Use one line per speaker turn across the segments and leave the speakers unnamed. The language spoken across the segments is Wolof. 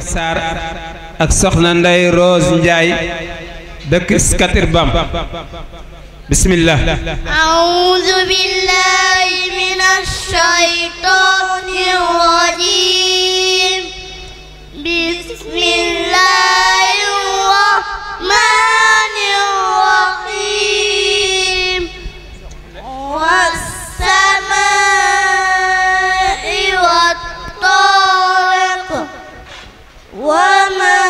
Saar
ak soxna Ndey Rose Njaay
dëkk Scatir Bam bismillah a'uuzu
billahi minash shaytaanir rajiim bismillahir rahmaanir rahiim was-samaa wa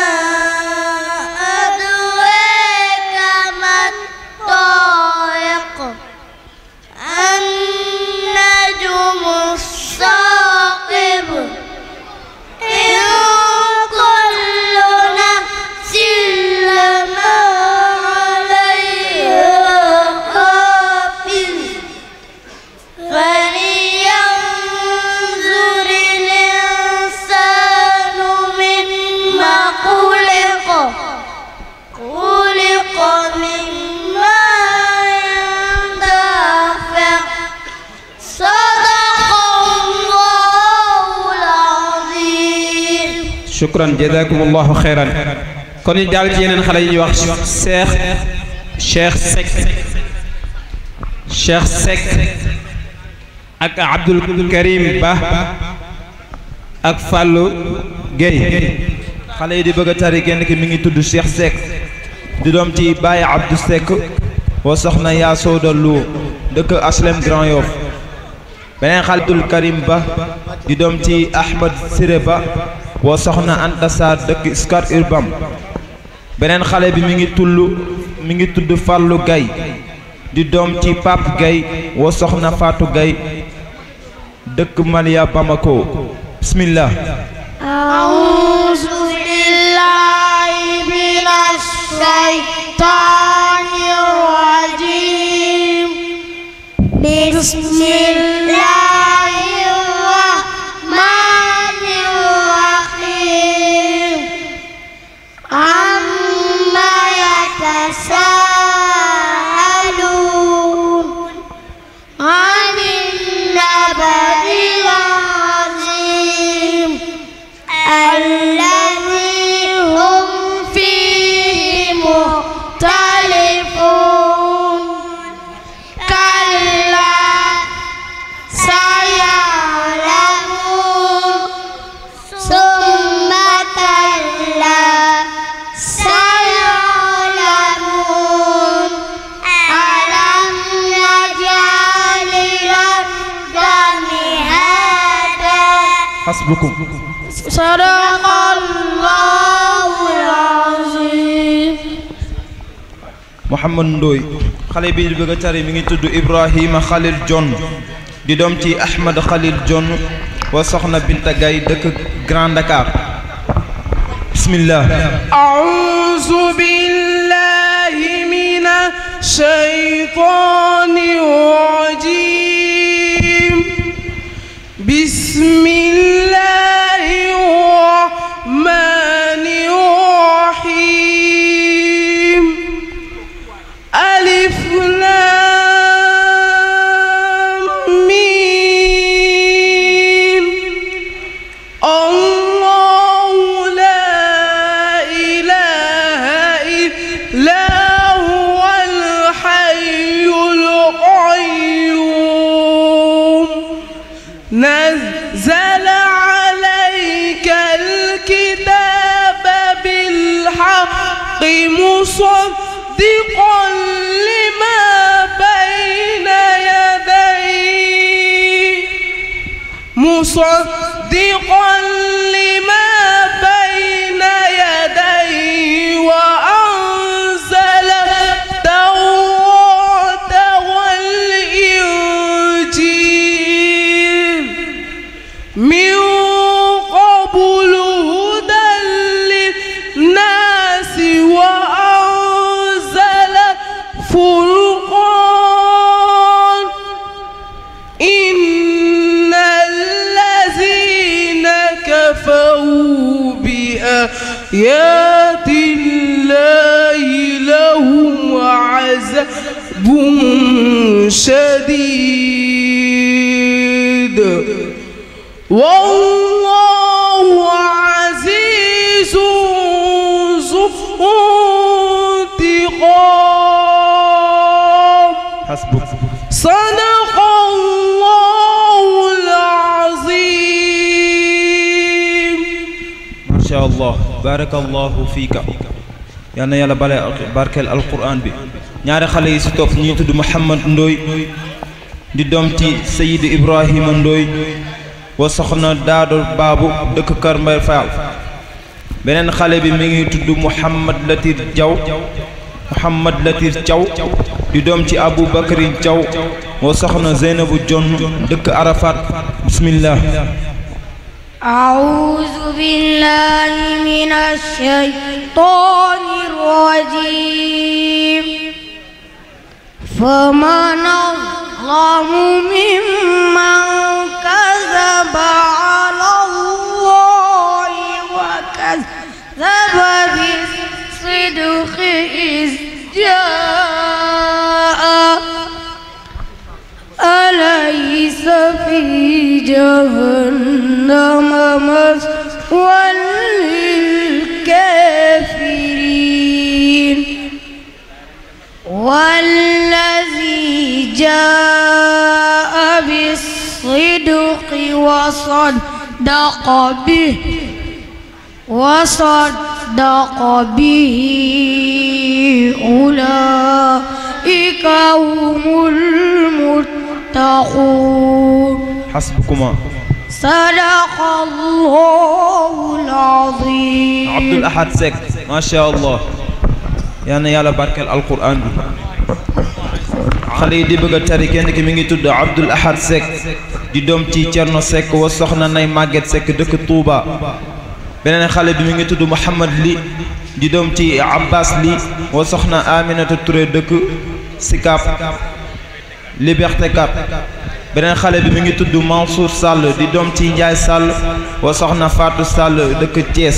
shukran jazakumullahu xeyran kon ñu jàll ci yeneen xale yi ñuy wax Cheikh
Cheikh Seck Cheikh
ak Abdul Karim Ba ak Fallou Gueye xale yi di bëgg a tari kenn ki mi ngi tudd Cheikh Seck di doom ci Baye Abdou Seck wa soxna yaa sooda Lo dëkk Aslem Grand Yoff beneen xale Karim Ba di doom ci Ahmed Siré Ba boo soxna Anta dëkk Scat Urbam beneen xale bi mi ngi tull mi ngi tudd Fallou Gaye di doom ci Pape Gaye woo soxna Fatou Gaye dëkk Malia Bamako bismillah
أعوذ بالله من الشيطان الرجيم بسم
Mouhamad Ndoye xale bii di bëgg a tari mi ngi tudd Ibrahima Khalil John di doom ci Ahmad Khalil John wa soxna Binta Gaye dëkk Grand Dakar bismillah
a'uuzu billaahi mina shaytaani rajiim soo شديد والله عزيز ذو انتقام حسبك صدق
الله العظيم ما شاء الله بارك الله فيك yal na yàlla bale barkeel alquran bi ñaari xale yi si topp ñu tudd Mouhamad Ndoy di doom ci Seydou Ibrahima Ndoy wa soxna Daado Baabu dëkk Kër Mbay Faal beneen xale bi mi ngi tudd Mouhamad Latir Jaw Mouhamad Latir Jaw di doom ci Abu Bakri Jaw wa soxna Zeynabu Jonn dëkk Arafat bismillah
أعوذ بالله من الشيطان الرجيم فمن أظلم ممن كذب على الله وكذب بالصدق إذ جاء أليس في جهنم مثوى والذي جاء بالصدق وصدق به وصدق به أولئك هم المتقون
حسبكما
صدق
الله العظيم عبد الأحد
سك ما شاء الله yal na yàlla barkeel alquran bi xale yi di bëgg a tari kenn ki mi ngi tudd Abdoul Ahad Seck di doom ci Thierno Seck wa soxna Nay Maguette sekk dëkk Touba beneen xale bi mu ngi tudd Mouhamad Li di doom ci Abbas Li wa soxna Aminata Touré dëkk Sicap Liberté 4 beneen xale bi mi ngi tudd Mansour Sall di doom ci Ndiaye Sall wa soxna Fatou Sall dëkk Thiès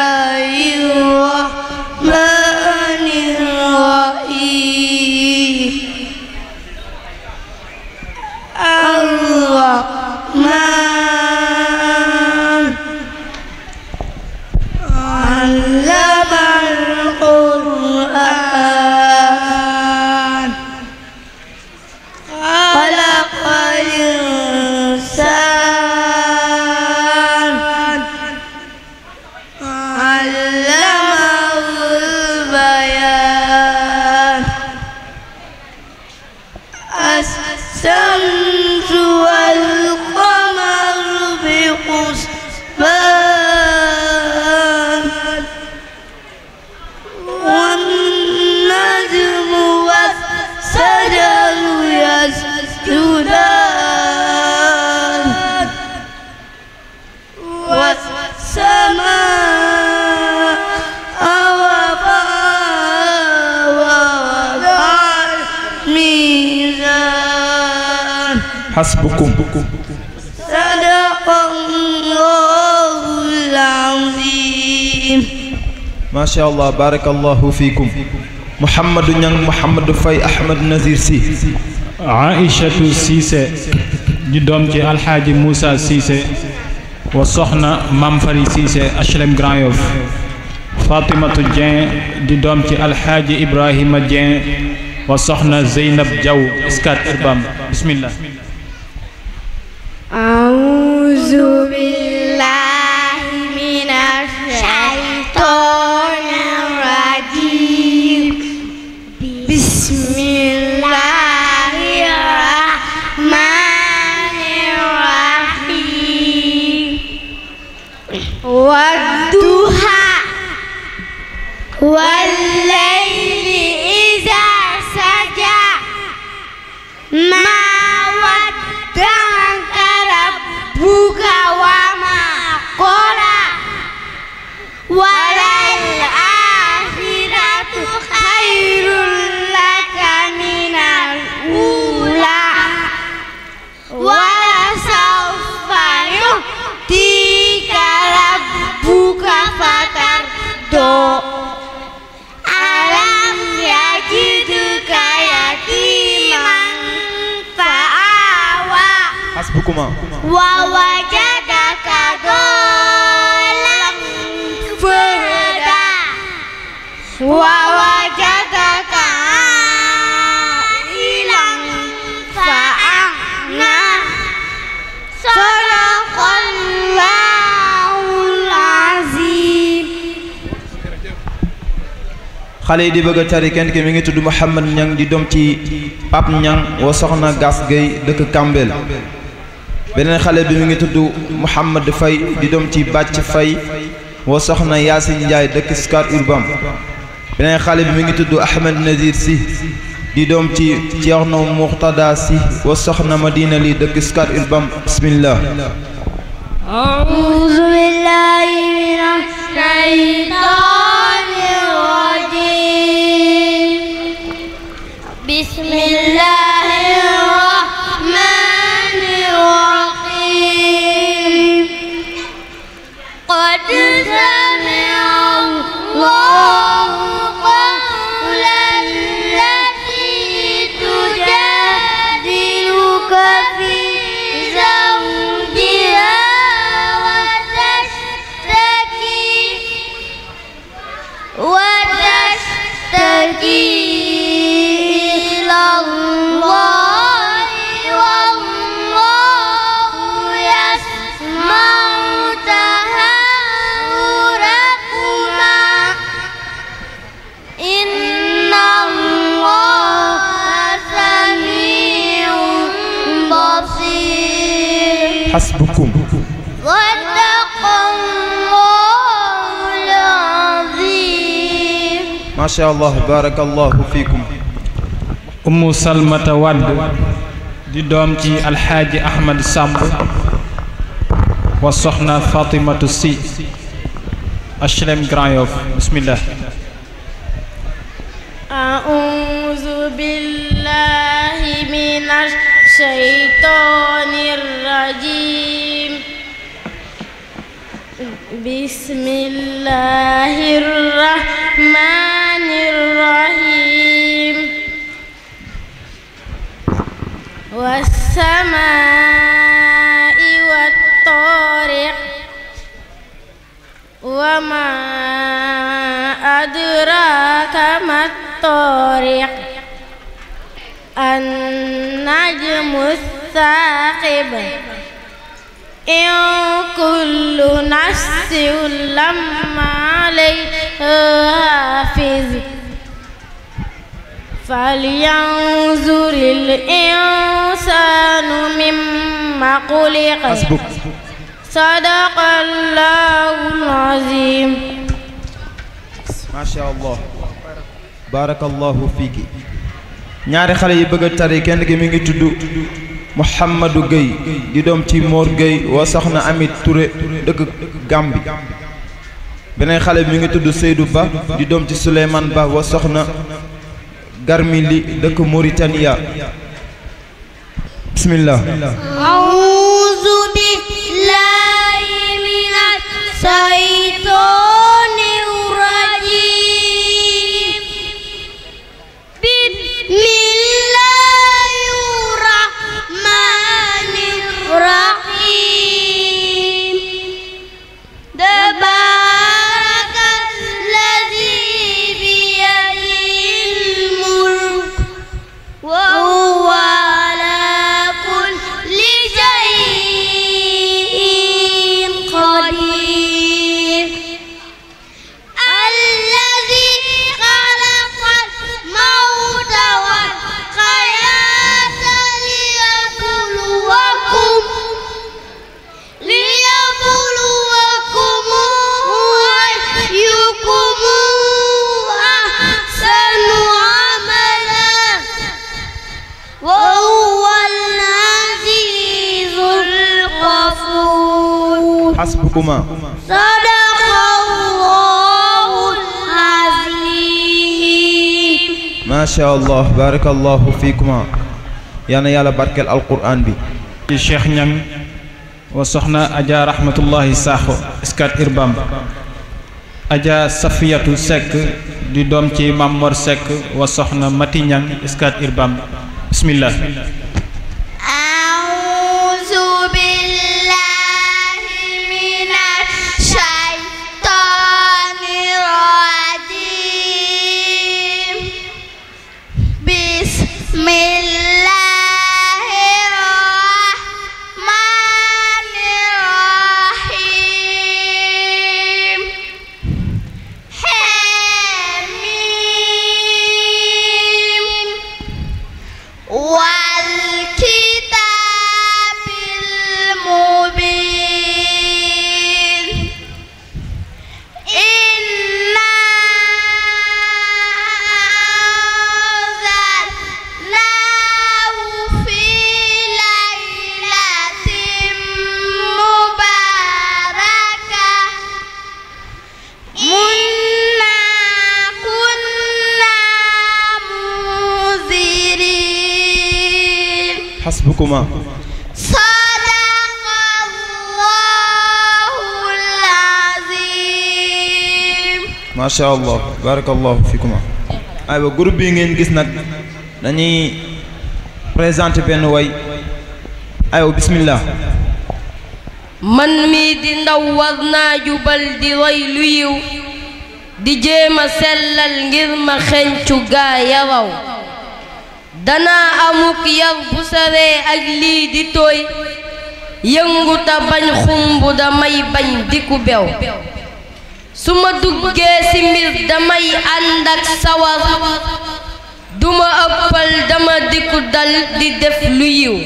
ma sadaqallahul
allah barakallahu fiikum Mouhamadou Niang Mouhamadou Faye Ahmed Nazir Sy
Aïchatu Cissé di doom ci alxaaji Moussa Cissé wa soxna Mam Fari Cissé HLM Grand Yoff di doom ci alxaaji Ibrahima Dieng wa soxna Zeynab Diaw Scat Urbam
bisous
xale yi di bëgg a tari kenn ki mi ngi tudd Mouhamad Niang di doom ci Pape Niang wa soxna Gas Gueye dëkk Kambel beneen xale bi mu ngi tudd Mouhamad Faye di doom ci Bàcc Faye wa soxna Yacine Ndiaye dëkk Scat Urbam beneen xale bi mu ngi tudd Ahmed Nazir Sy di doom ci Ceerno Muxtada Sy wa soxna Madina li dëkk Scat Urbam bismillah
bismillah
macha allah barakallahu fiikum ummu salmata wadd di doom ci alxaaji ahmad sàmb wa soxna fatimatu si HLM Grand Yoff bismillah
أعوذ بالله من الشيطان الرجيم بسم الله الرحمن والسماء والطارق وما أدراك ما الطارق النجم الثاقب إن كل نفس لما عليه حافظ فلينظر الإنسان مما خلق حسبك صدق الله العظيم
ما شاء الله بارك الله فيك ñaari xale yi bëgg tari kenn ki mi ngi tudd Mouhamadou Gueye di doom ci Mor Gueye waa soxna Amit Touré dëkk Gambi beneen xale bi mi ngi tudd Seydou Ba di doom ci Souleymane Ba waa soxna Garmili dëkk Mauritania bismillah
a'uuzu billaahi mina saytaani rajiim
ربكما صدق
الله
العظيم
ما شاء الله بارك الله فيكما
yàlla barkeel alquran bi ci Cheikh Niang wa soxna Adja Rahmatullahi Sakho Scat Urbam Adja Safiyatu Seck di doom ci Mamor Seck wa soxna Mati Niang Scat Urbam bismillah
حقكما صدق
الله العظيم
ما شاء الله بارك ngeen gis nag dañuy présenter benn way aywa bismillah
man mii di ndaw war naa jubal di roy lu di jéem a sellal ngir ma xencu gaa yaraw danaa amuk yar bu saree ak lii di tooy yënguta bañ xumb damay bañ diku bew su ma duggee ci damay ànd ak sawar duma ëppal dama diku dal di def lu yiw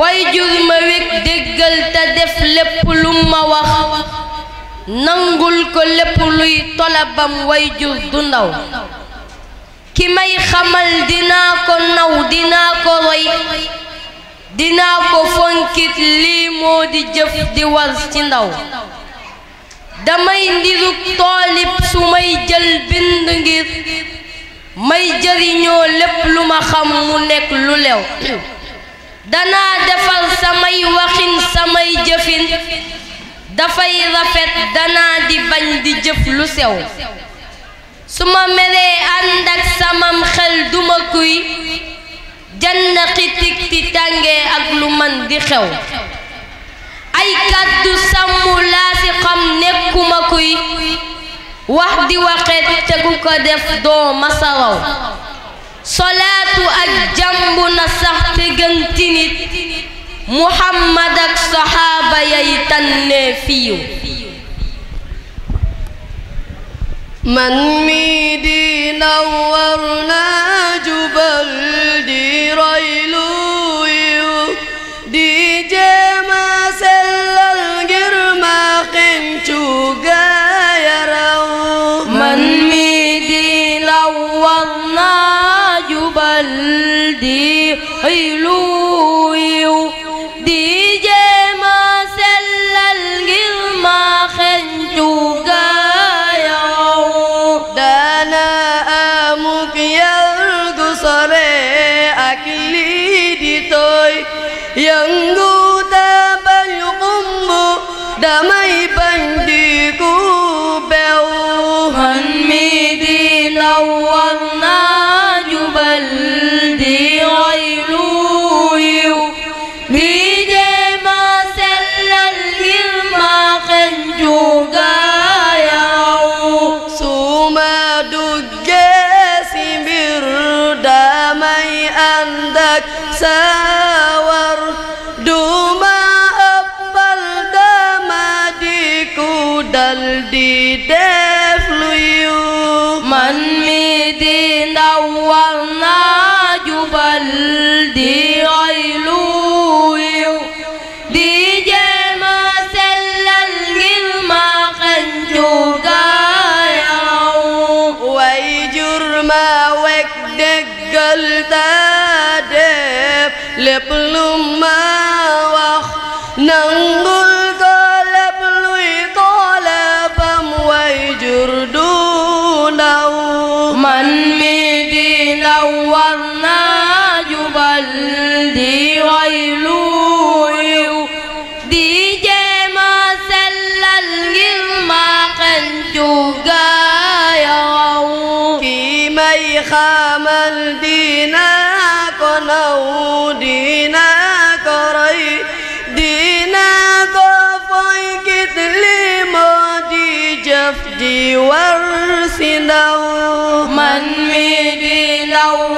way jur ma wég déggal te def lépp lu ma wax nangul ko lépp luy tolabam way jur du ndaw ki may xamal dinaa ko naw dinaa ko roy dinaa ko fonkit lii moo di jëf di war ci ndaw damay ndirug toolib su may jël bind ngir may jëriñoo lépp lu ma xam mu nekk lu lew danaa defar samay waxin samay jëfin dafay rafet danaa di bañ di jëf lu sew su ma meree ànd ak samam xel duma kuy jann xitig ti tàngee ak lu man di xew ay kàddu sàmmu laa ci xam nekkuma kuy wax di waxet te ku ko def doo masaraw solaatu ak jàmbu na sax te gën ci nit muhammad ak saxaaba yay tànnee fiiw man mi di nawar naa jubal sawar duma ëppal dama diku dal di def lu yu man mi di ndaw war naa jubal di roy lu yu di jéema sellal ngir ma xen jugayaw way jur ma wek déggal ta lépp lu ma wax nangul ko lépp luy tolebam way jur du ndaw man mi di ndaw war بورسنا من ميدي لو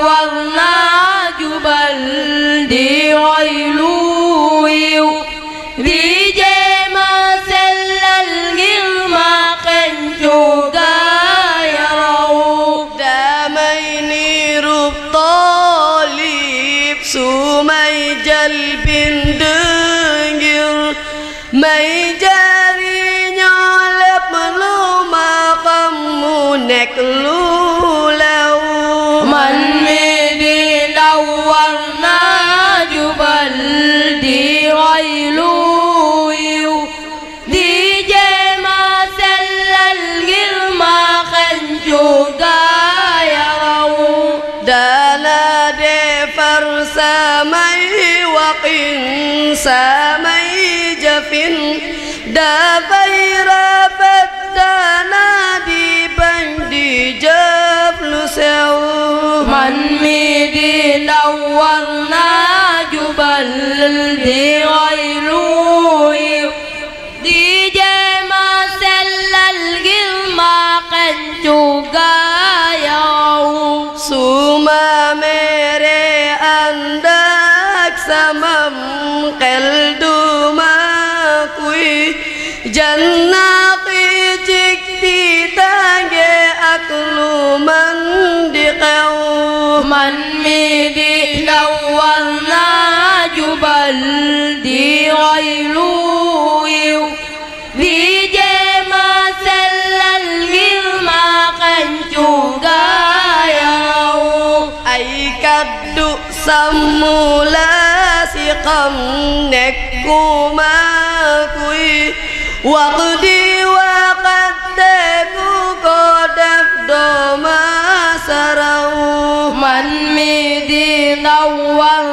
إذا musal naa xii ci tiitaange ak lu man di xew man mi di ndaw naa jubal di roy lu yiw di jéema sellal ngir ma xencu gaayaraw ay kaddu sàmmu la si xam nekkuma waqdi waqte ku ko def dooma saraw man mi di nawa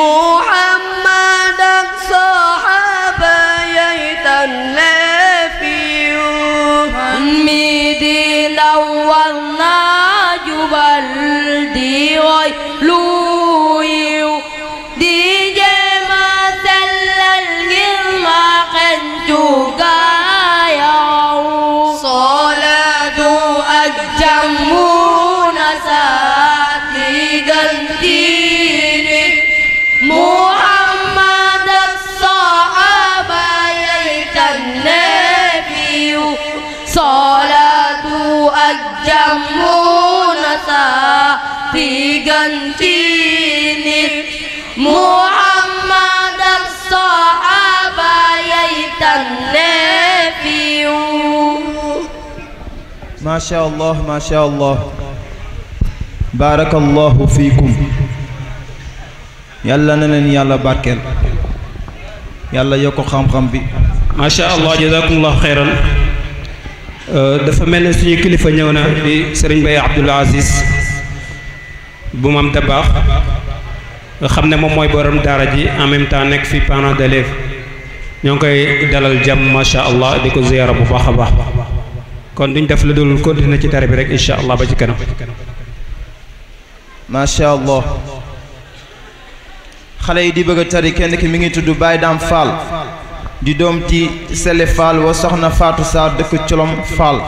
طموحا
macha allah macha allah baarakallahu fiikum yàlla na yàlla barkeel yàlla yokk xam-xam
bi macha allah jazakumullahu xeyran euh, dafa mel ne suñu kilifa ñëw na di sëriñ Baye Abdoul Aziz bu maam da baax nga xam ne moom mooy borom daara ji en même temps nekk fi parent d'élève ñoo ngi koy dalal jàmm macha allah di ko ziyaara bu baax a baax kon duñ def lu dul continuer ci tere bi rek incha allah ba ci kanam.
macha allah. xale yi di bëgg a tari kenn ki mi ngi tudd Baye Dame Fall. di doom ci Sele Fall wa soxna faatu Sarr dëkk Colom Fall.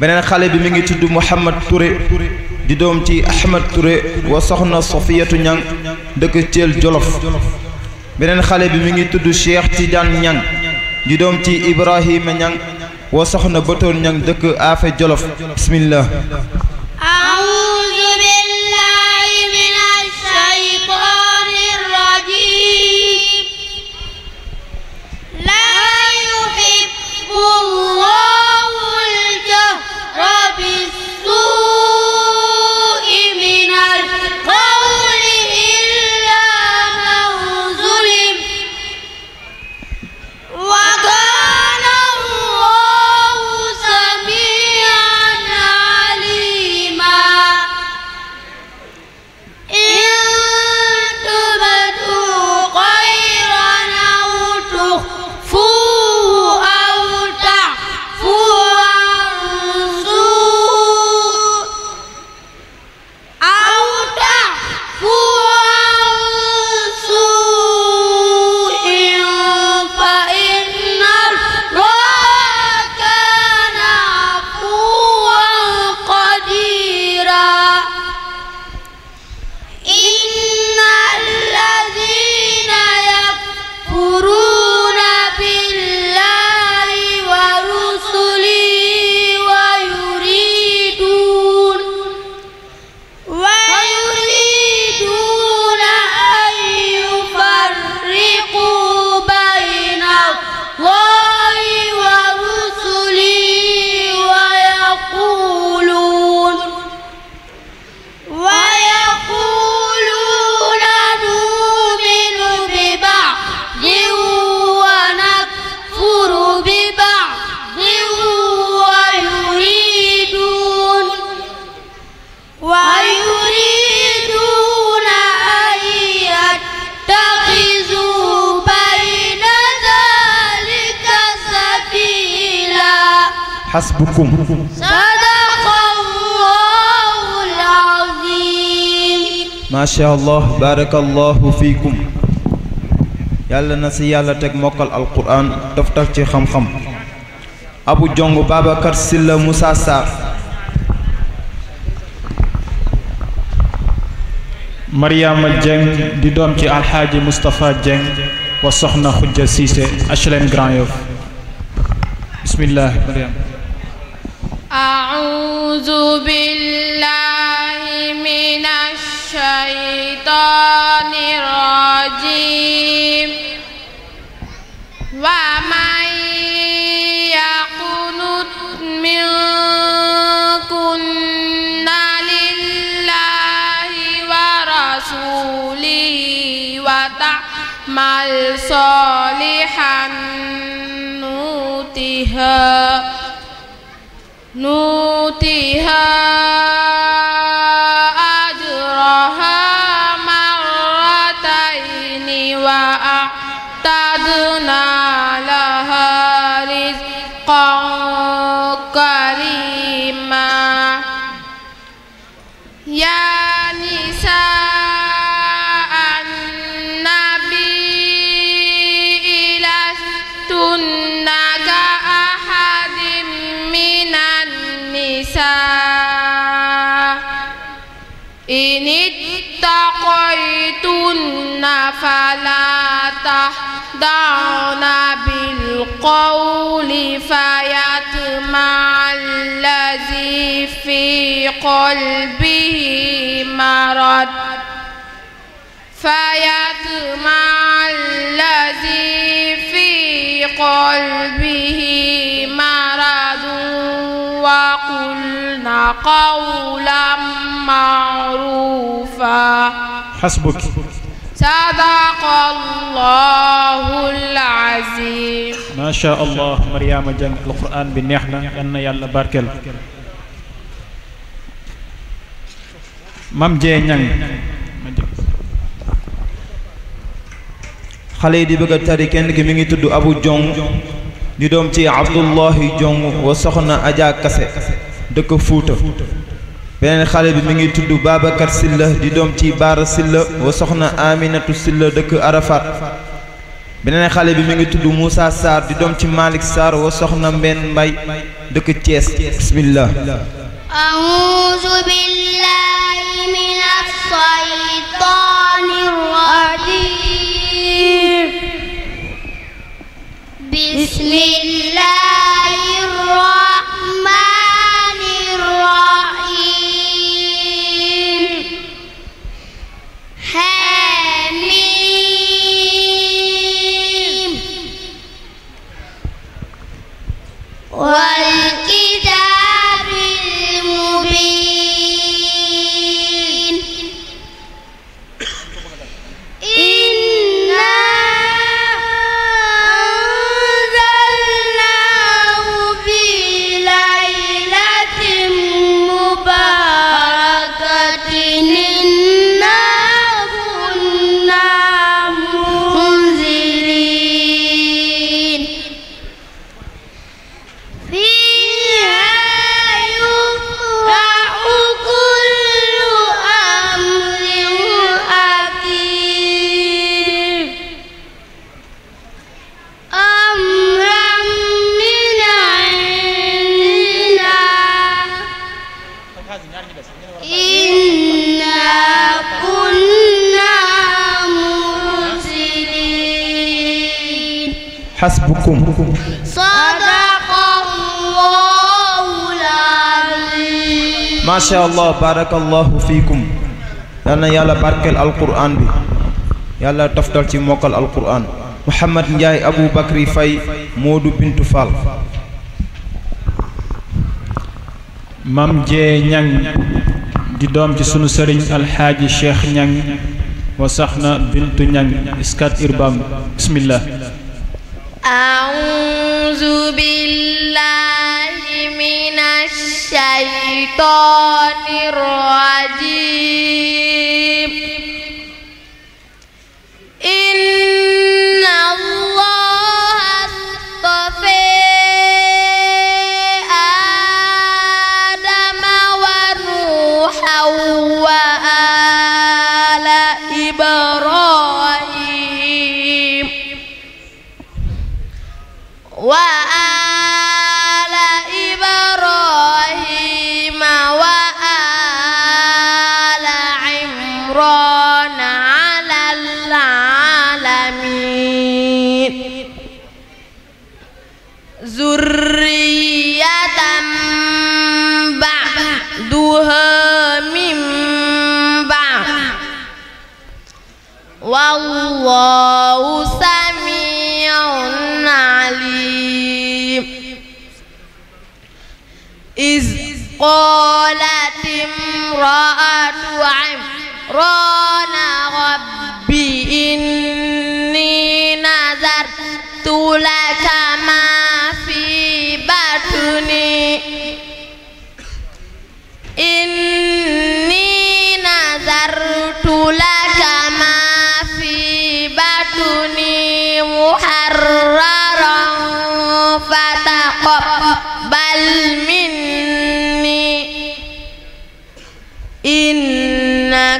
beneen xale bi mi ngi tudd Mouhamad Touré. di doom ci Ahmed Touré wa soxna Sofiyatu Ñang dëkk Thiel Jolof beneen xale bi mi ngi tudd Cheikh Tidiane Ñang di doom ci Ibrahima Ñang woo soxna Batoor ñang dëkk Afe Jolof bismillah macha allah barakallahu na si yàlla teg mokkal alquran ci xam-xam abu jong babacar
jeng di doon ci alxaaji moustapha jeng wa soxna xujja siise HLM Grand Yoff
الشيطان الرجيم
ومن يقنت
منكن لله ورسوله وتعمل صالحا نوتها
نوتها
فلا تخضعن بالقول فيطمع الذي في قلبه مرض فيطمع الذي في قلبه مرض وقلنا قولا معروفا حسبك sadaqallaahul aziim
macha allah Mariama jàng bi neex na yan na yàlla barkeel mam jee ñang
xale yi di bëgg a tari kenn ki mi ngi tudd abu jong di doom ci abdullahi jong wa soxna aja dëkk fuuta beneen xale bi mi ngi tudd Babacar Sylla di doom ci Baara Sylla wa soxna Aminatu Sylla dëkk Arafat beneen xale bi mu ngi tudd Moussa Sarr di doom ci Malick Sarr wa soxna Mbène Mbay dëkk Thiès bismillah
أعوذ بالله من الشيطان الرجيم
بسم الله الرحمن
allah barakallahu fiikum yal na yàlla barkeel alquran bi yàlla toftal ci mokkal alquran Mouhamad Ndiaye Abou fay
Faye Modou Bintu Fall mam jee ñang di doom ci sunu sëriñ alxaaji cheikh ñang wa saxna bintu ñang iskat irbam bismillah
الرجيم والله سميع عليم إذ قالت امرأة عمران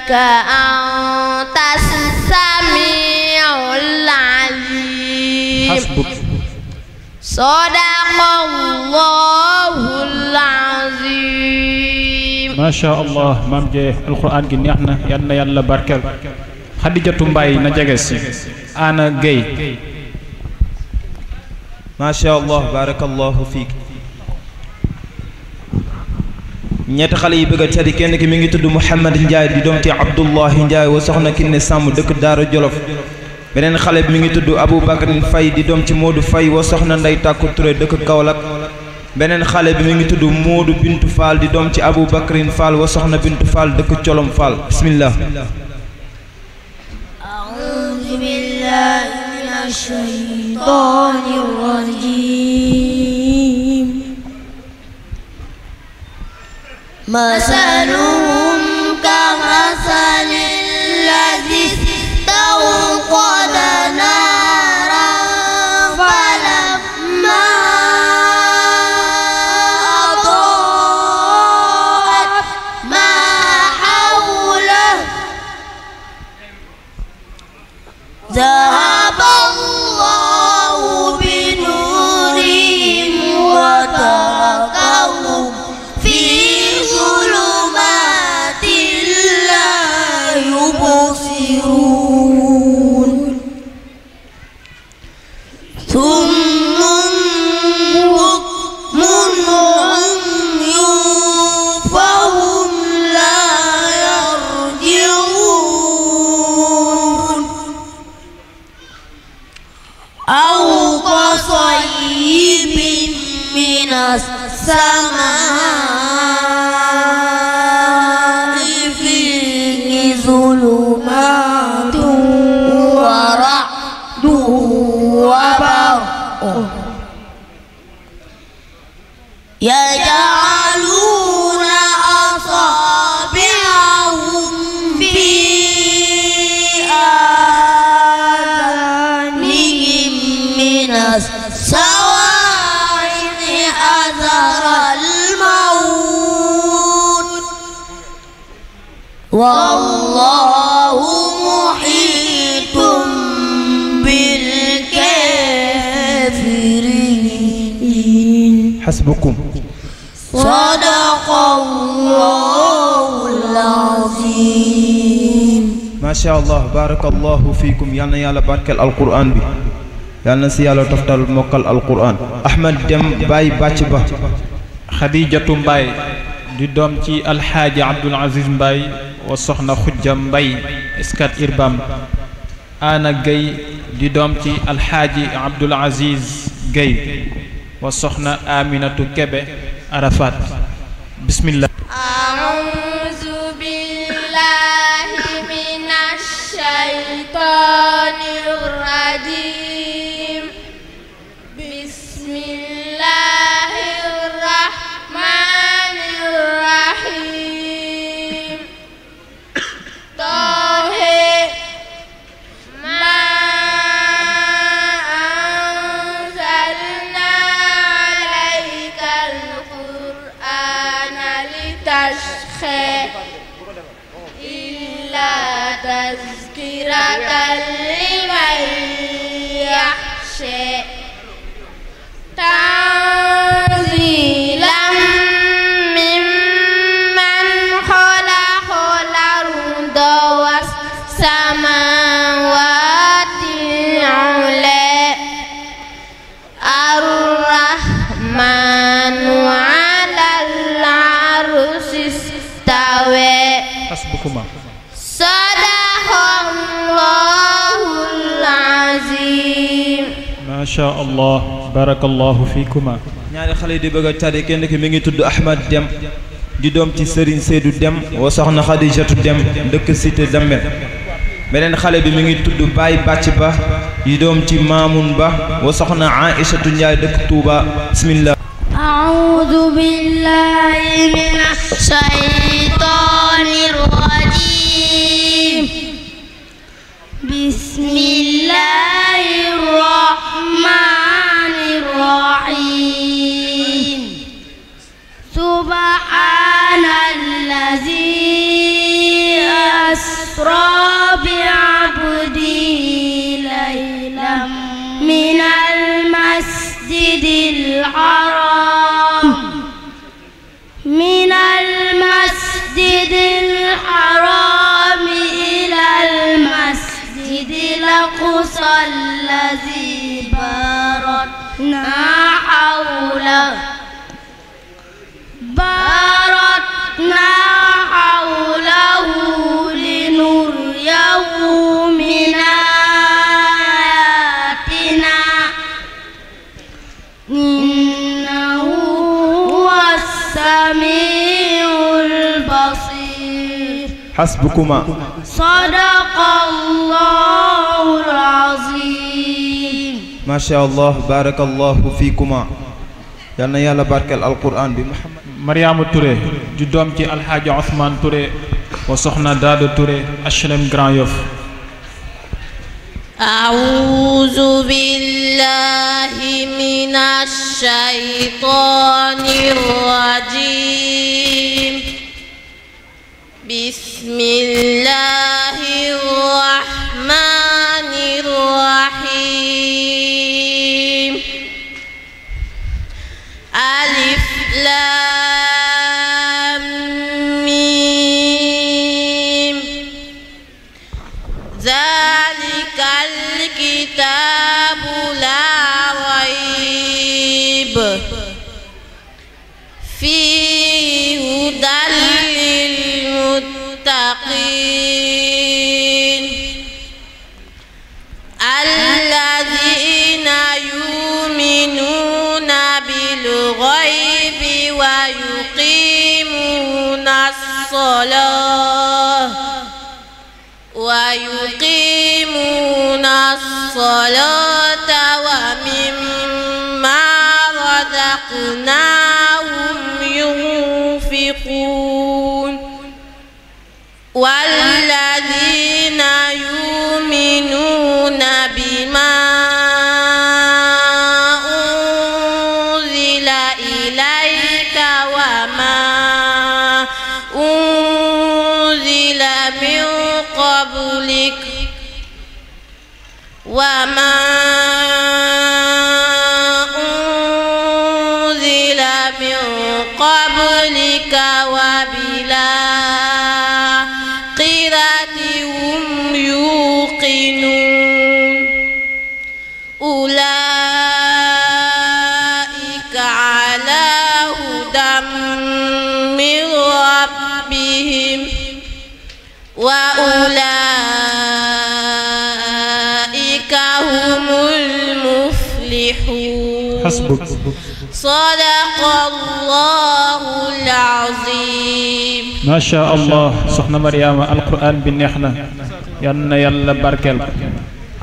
innaka anta samiul alim sadaqallahul
azim macha allah maam je alquran gi neex na yal na yàlla barkeel xadijatu mbaay na jege si ana gay
macha allah barakallahu fiik ñetti xale yi bëgg a seeti kenn ki mi ngi tudd Mouhamed Ndiaye di doom ci Abdullahi Ndiaye wa soxna Kiné Samb dëkk Daara Jolof beneen xale bi mi ngi tudd Aboubacar Faye di doom ci Modou Faye wa soxna Ndey Tàkku Touré dëkk beneen xale bi mi ngi tudd Modou Bintu Fall di doom ci Aboubacar Fall wa soxna Bintu Fall dëkk Colom Fall bismillah
أعوذ بالله من الشيطان الرجيم مثلهم كمثل الذي استوقد sama xasbukum sadaqallahul aziim
yàlla barkeel alquran si yàlla toftal mokkal alquran ahmad
dem bàyyi bàcc ba xadijatu mbaay di doom ci alxaaji abdul aziz mbaay wa soxna xujja mbay iskat irbam aana gay di doom ci alxaaji abdul gay wa Aminatu Kebe Arafat bismillah
أعوذ بالله من الشيطان
macha allah barakallahu fikuma ñaari xale di bëgg a tari kenn ki mi ngi tudd Ahmad Dem
di doom ci Serigne Seydou Dem wa soxna Xadijatu Dem dëkk cité Damel beneen xale bi mi ngi tudd Baye Bàcc Ba di doom ci Maamun Ba wa soxna Aïchatu Njaay dëkk Touba bismillah
أعوذ بالله من الشيطان الرجيم
بسم الله
أسرى بعبده ليلا من المسجد الحرام من المسجد الحرام إلى المسجد الأقصى الذي باركنا حوله باركنا
hasbukuma
sadaqallahul azim
macha allah
barakallahu fiikuma yal na yàlla barkeel alquran bi Muhammad Mariama Touré ju doom ci alxaaji Ousmane Touré wa soxna Daado Touré HLM Grand Yoff
أعوذ بالله من الشيطان الرجيم بسم الله الرحمن الرحيم ألف لام الرحيم وما أنزل من قبلك وبلا قرة هم يوقنون أولئك على هدى من ربهم وأولئك bëgg sadaqallahul
allah soxna Mariama alquran bi neex na yal na yàlla barkeel ko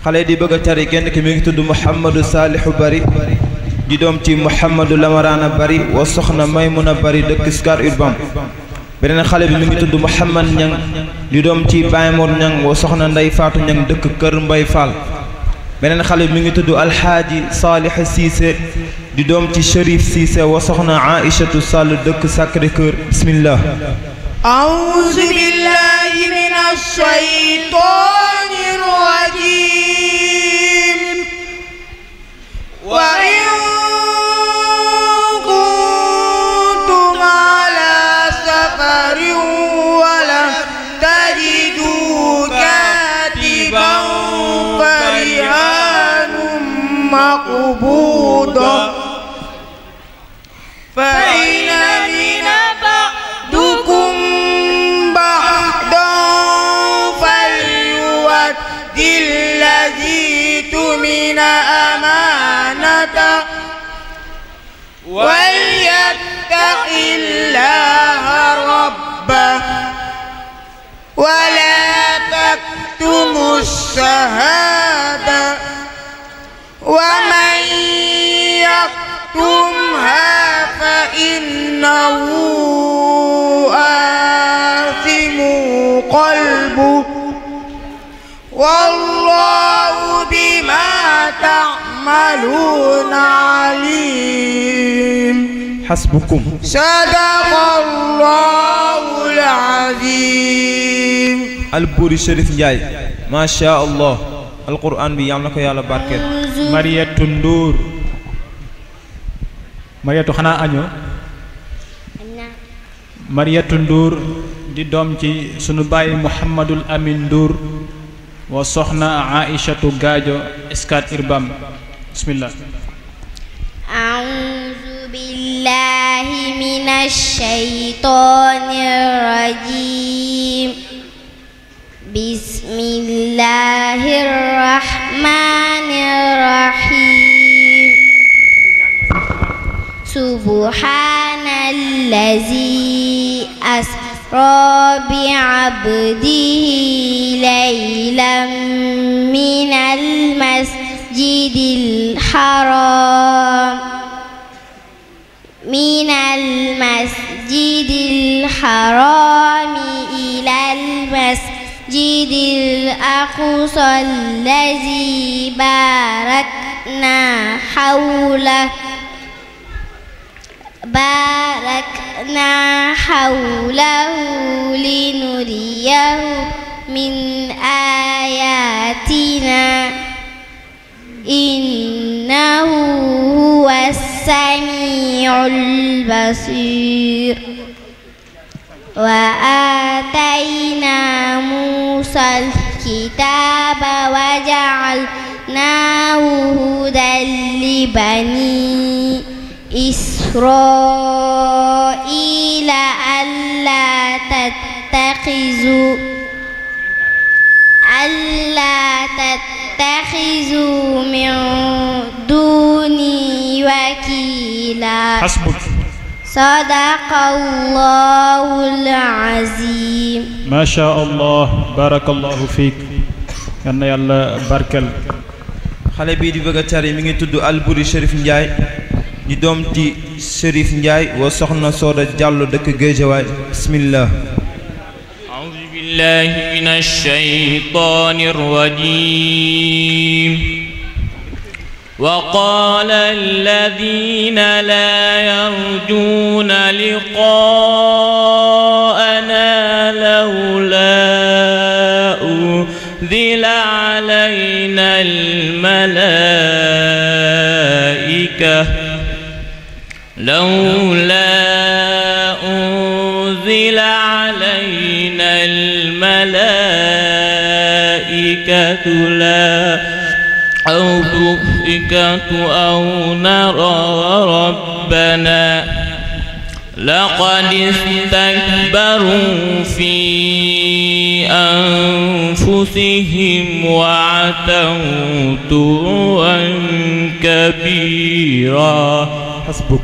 xale di bëgg a tari kenn ki mi ngi tudd Mouhamadou Salihu Bari
di doom ci Mouhamadou Lamarana Bari wa soxna Maymuna Bari dëkk Scat Urbam beneen xale bi mu ngi tudd Mouhamad Ñang di doom ci Baymor Ñang wa soxna Ndey Faatu Ñang dëkk Kër Mbay Fall beneen xale mi ngi tudd alxaaji saalih siise di doom ci chérif siise wa soxna aïchatu sàll dëkk Sacré-Cœur bismillah
auzu billahi mina shaytaani rajiim
wa
سفر ولم تجدوا كاتبا قرآن
مقبوضة
فإن من بعدكم بعدا فليؤد الذي تمن أمانته
وليتق
الله
ربه
ولا
تكتم
الشهادة ومن يكتمها فإنه آثم قلبه والله بما تعملون عليم حسبكم صدق
الله العظيم
البوري شريف جاي ما شاء الله alquran bi yàlla na ko yàlla barkeel. Mariétu Ndour
Mariétu xanaa añoo Mariétu Ndour di doom ci sunu bàyyi Mouhamadul Amin Ndour wa soxna Aïchatu Gaajo Scat Irbam bismillah
بسم الله الرحمن الرحيم سبحان الذي أسرى بعبده ليلا من المسجد الحرام من المسجد الحرام إلى المسجد المسجد الأقصى الذي باركنا حوله باركنا حوله لنريه من آياتنا إنه هو السميع البصير وآتينا موسى الكتاب وجعلناه هدى لبني إسرائيل ألا تتخذوا ألا تتخذوا من دوني وكيلا حسبك sadaqallahul azim
macha allah barakallahu fiik yal na yàlla barkel
xale bii di bëgg a tari mi ngi tudd Albouri Chérif Ndiaye di doom ci Chérif Ndiaye wa soxna Sooda Diallo dëkk Géejawaay bismillah
a'uuzu billaahi minash shaytaanir rajiim وقال الذين لا يرجون لقاءنا لولا أنزل علينا الملائكة لولا أنزل علينا الملائكة لا أو المؤتكة أو نرى ربنا لقد استكبروا في أنفسهم وعتوا تروا كبيرا حسبك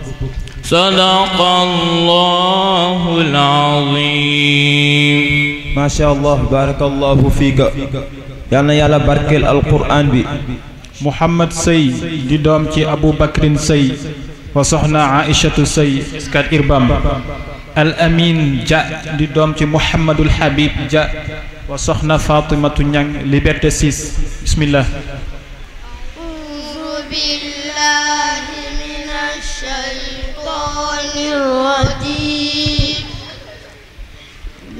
صدق الله
العظيم ما شاء الله بارك الله فيك
يا يالا بارك القرآن بي muhammad sëy di doom ci abu bakrin sëy wa soxna aïchatu sëy iskat irbam al amin ja di doom ci muhammadul habib ja wa soxna fatimatu ñang liberté 6 bismillah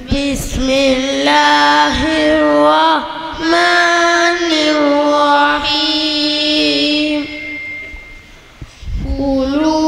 بسم الله الرحمن الرحيم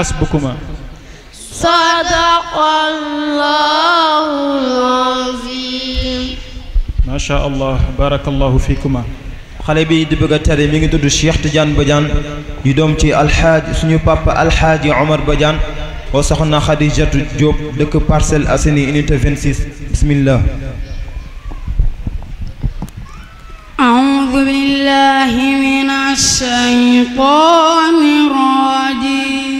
hasbukuma sadaqallahul
azim
macha allah barakallahu fikuma xale bi di bëgg a
tere mi ngi tudd Cheikh Tidiane Badiane di doom ci alxaaj suñu papa alxaaji Omar Badiane oo soxna Xadijatu Diop dëkk Parcelles Assainies unité 26 bismillah
أعوذ بالله من الشيطان الرجيم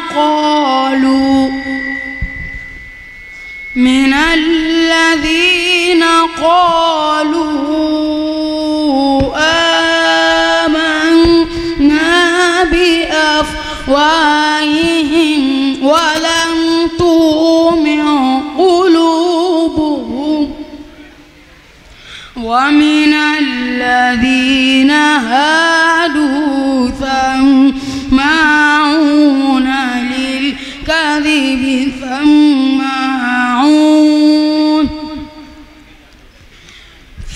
قالوا من الذين قالوا آمنا بأفواههم ولم تؤمن قلوبهم ومن الذين هادوا ثماعون الكذب سماعون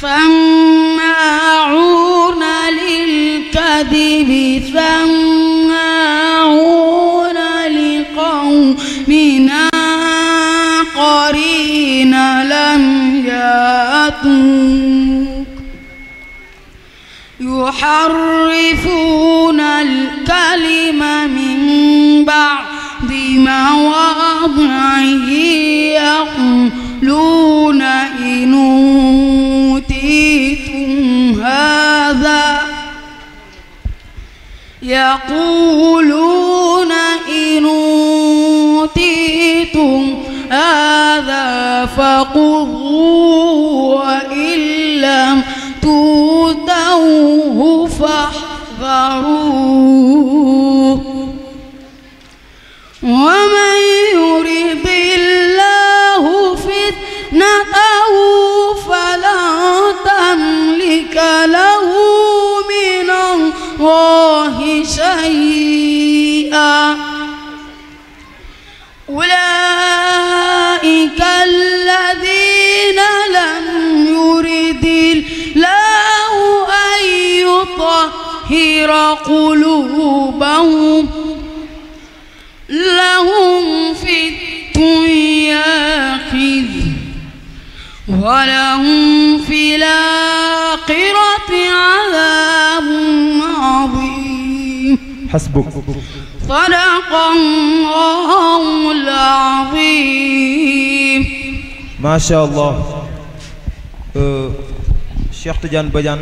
سماعون للكذب سماعون لقوم آخرين لم يأتوك يحرفون يقولون إن أوتيتم هذا فخذوه وإن لم تؤتوه فاحذروه ومن ليطهر قلوبهم لهم في الدنيا خزي ولهم في الآخرة عذاب عظيم حسبك صدق الله العظيم
ما شاء الله أه شيخ تجان بجان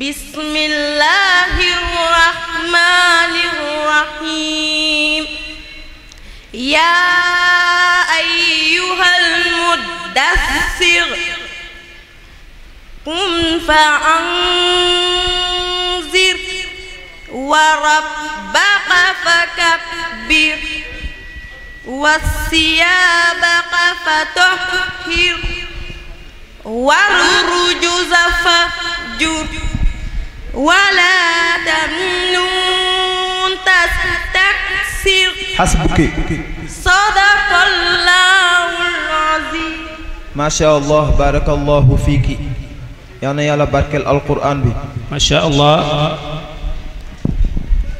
بسم الله الرحمن الرحيم يا أيها المدثر قم فأنذر وربك فكبر والثيابك فتحر والرجز فاهجر wala tamnun tastaksir xasbuki sadaqallahu
alazim
macha allah barakallahu fiiki yal na yàlla barkeel alquran bi macha allah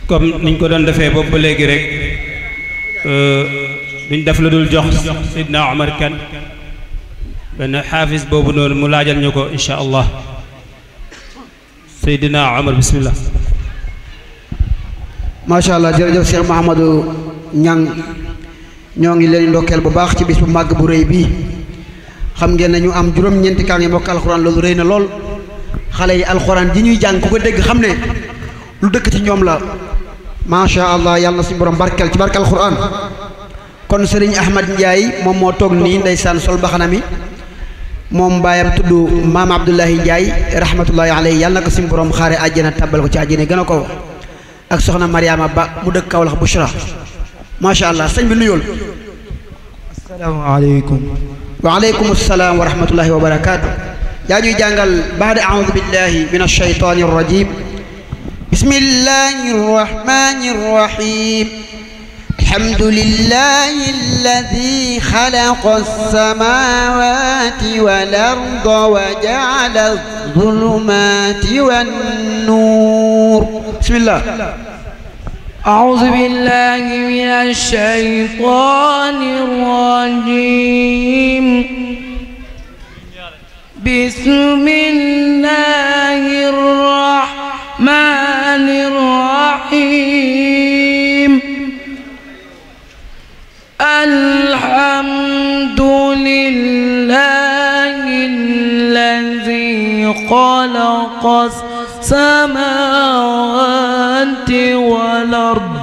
comme niñ ko doon defee boobu ba léegi rek euh, duñ def la dul jox Seydina Omar Kane benn xaafis boobu noonu mu laajal ñu ko incha allah Seydina Omar bisimilah.
macha allah jërëjëf Cheikh Mouhamadou Niang ñoo ngi leen ndokkeel bu baax ci bis bu màgg bu rëy bii xam ngeen ne ñu am juróom-ñeenti kaa ngi mbokk alxuraan loolu rëy na lool xale yi alxuraan ji ñuy jàng ku ko dégg xam ne lu dëkk ci ñoom la macha allah yàlla na suñu borom barkeel ci barke alxuraan kon sëriñ Ahmad Ndiaye moom moo toog nii ndeysaan sol baxana mi moom baayam tudd maam Abdullahi Njaay rahmatullahi alayhi yàlla na ko suñu borom xaare àjjana ci àjjana gën a ko ak soxna Mariama Ba mu dëkk Kaolack Bushra macha allah sëñ bi nuyool. asalaamaaleykum. waaleykum salaam wa rahmatullahi wa barakaatu. yaa ñuy jàngal baada aawudu billahi min ashaytaani rajim. bismillahi rahmaani rahim. الحمد لله الذي خلق السماوات والأرض وجعل الظلمات والنور بسم الله
أعوذ بالله من الشيطان الرجيم
بسم الله الرحمن الرحيم الحمد لله
الذي خلق السماوات والأرض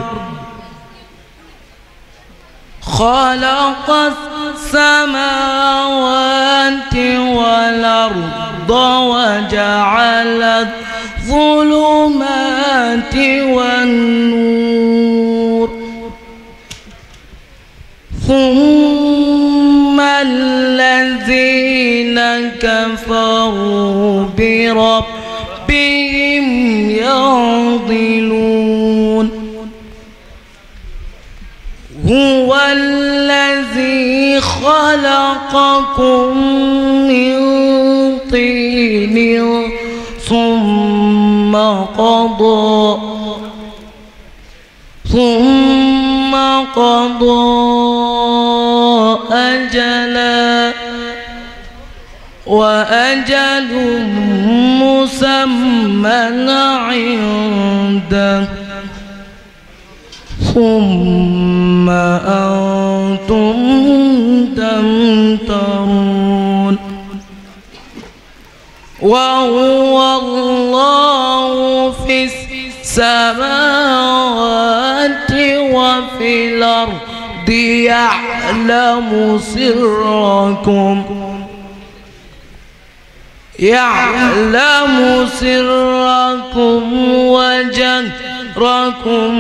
خلق السماوات والأرض وجعل الظلمات والنور ثم الذين كفروا بربهم يعضلون هو الذي خلقكم من طين ثم قضى ثم قضى أجلا وأجل مسمى عنده ثم أنتم تمترون وهو الله
في السماء السماوات وفي الأرض يعلم سركم
يعلم سركم وجهركم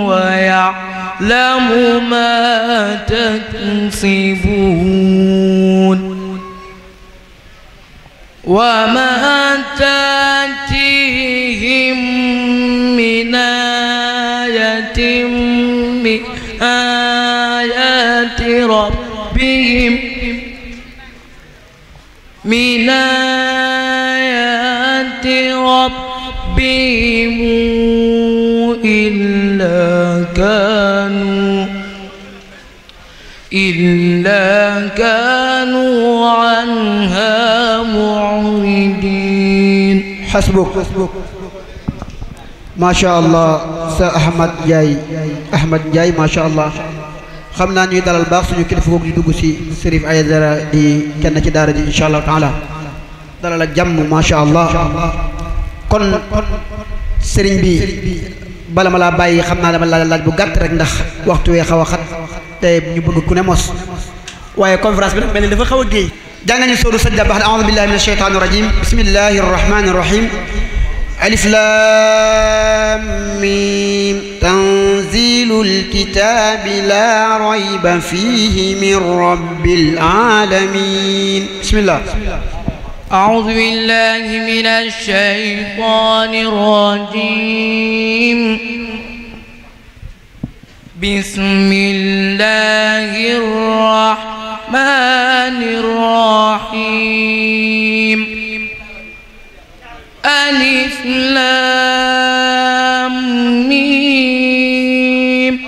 ويعلم ما تكسبون وما تكسبون من آيات ربهم إلا كانوا إلا كانوا عنها
معرضين حسبك ما شاء الله سأحمد جاي أحمد جاي ما شاء الله xam naa ñuy dalal baax suñu kilifa googu ñu dugg si Serif Aidara di kenn ci daara ji insha allahu taala dalal ak jàmm macha allah kon sëriñ bi bala ma laa bàyyi xam naa dama la laaj bu gàtt rek ndax waxtu wee xaw a xat te ñu bëgg ku ne mos waaye conférence bi nag mel ni dafa xaw a géey jàng ñu sóoru sajda baax na aoudu billahi min asheytaani rajim bismillahi arrahmani arrahim ألف لام ميم تنزيل الكتاب لا ريب فيه من رب العالمين بسم الله
أعوذ بالله من الشيطان
الرجيم بسم الله الرحمن الرحيم ألف لام ميم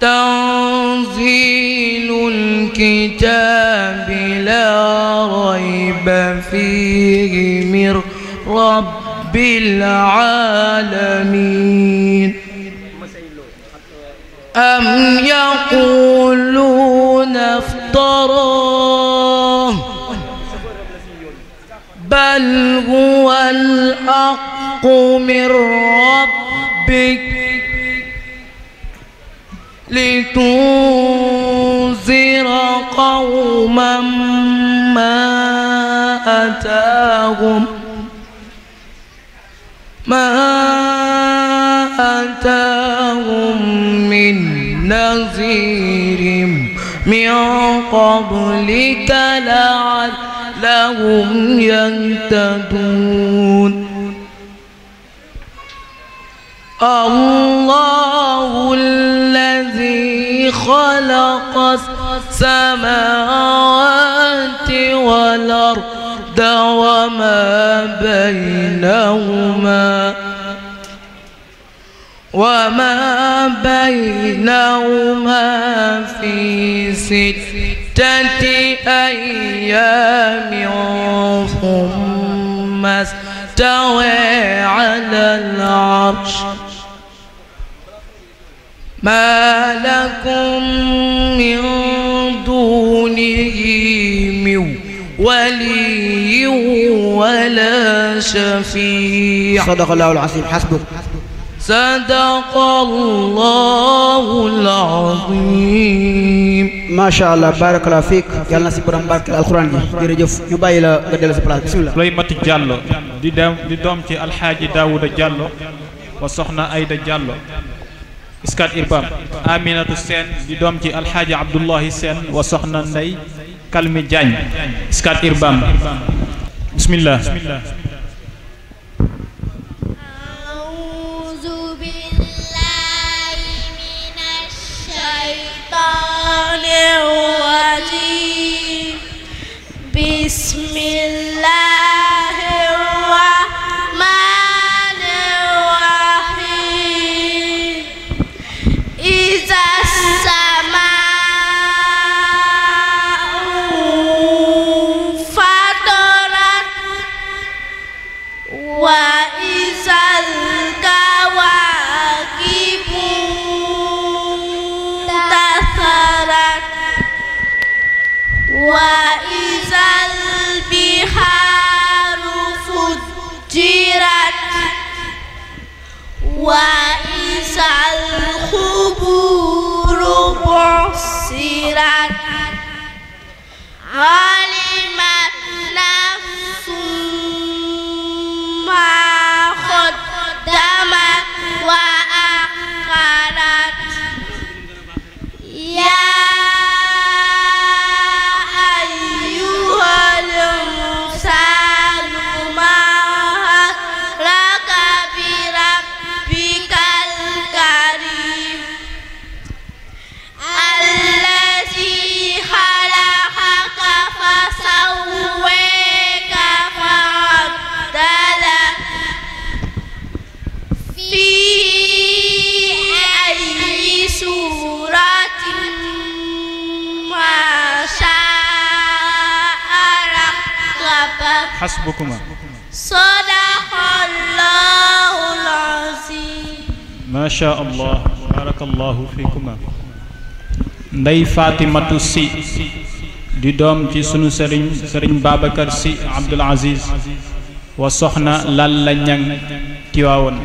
تنزيل الكتاب
لا ريب فيه من رب العالمين
أم يقولون افتراه بل هو الحق من ربك لتنذر قوما ما أتاهم
ما أتاهم من نذير من قبلك لعلهم لعلهم يهتدون الله الذي خلق السماوات والأرض وما بينهما وما بينهما في ست ستة
أيام
ثم استوى على العرش ما لكم من دونه من ولي ولا شفيع
صدق الله العظيم حسبك
sadaqallahul
azim macha allah barakallahu
di doom ci alxaaji Daawuda Diallo wa soxna Ayda Diallo iskat irbam aminatu seen di doom ci alxaaji Abdullahi seen wa soxna Ndey Kalmi Diagne iskat irbam القرآن ربكما
صدق ndey Fatimatu si
di doom ci sunu sëriñ sëriñ Babacar si Abdul Aziz wa soxna Lalla Ñang Tiwaawoon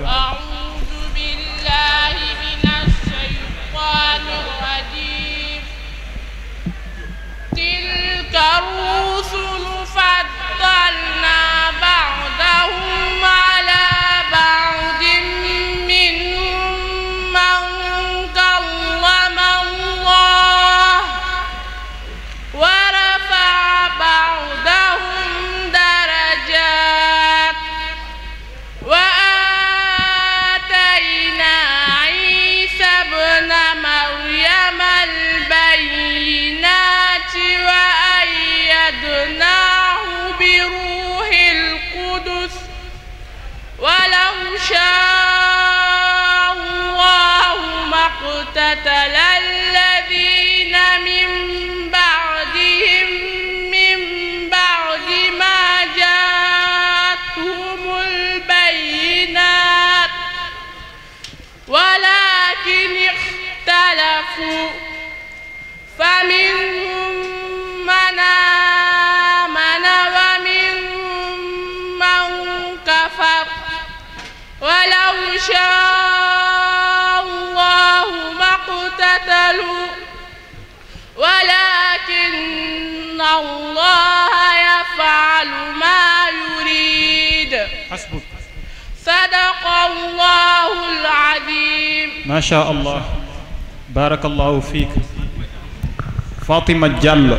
sadaqallaahul aziim
macha allah baarakallaahu fiik Fatima Diallo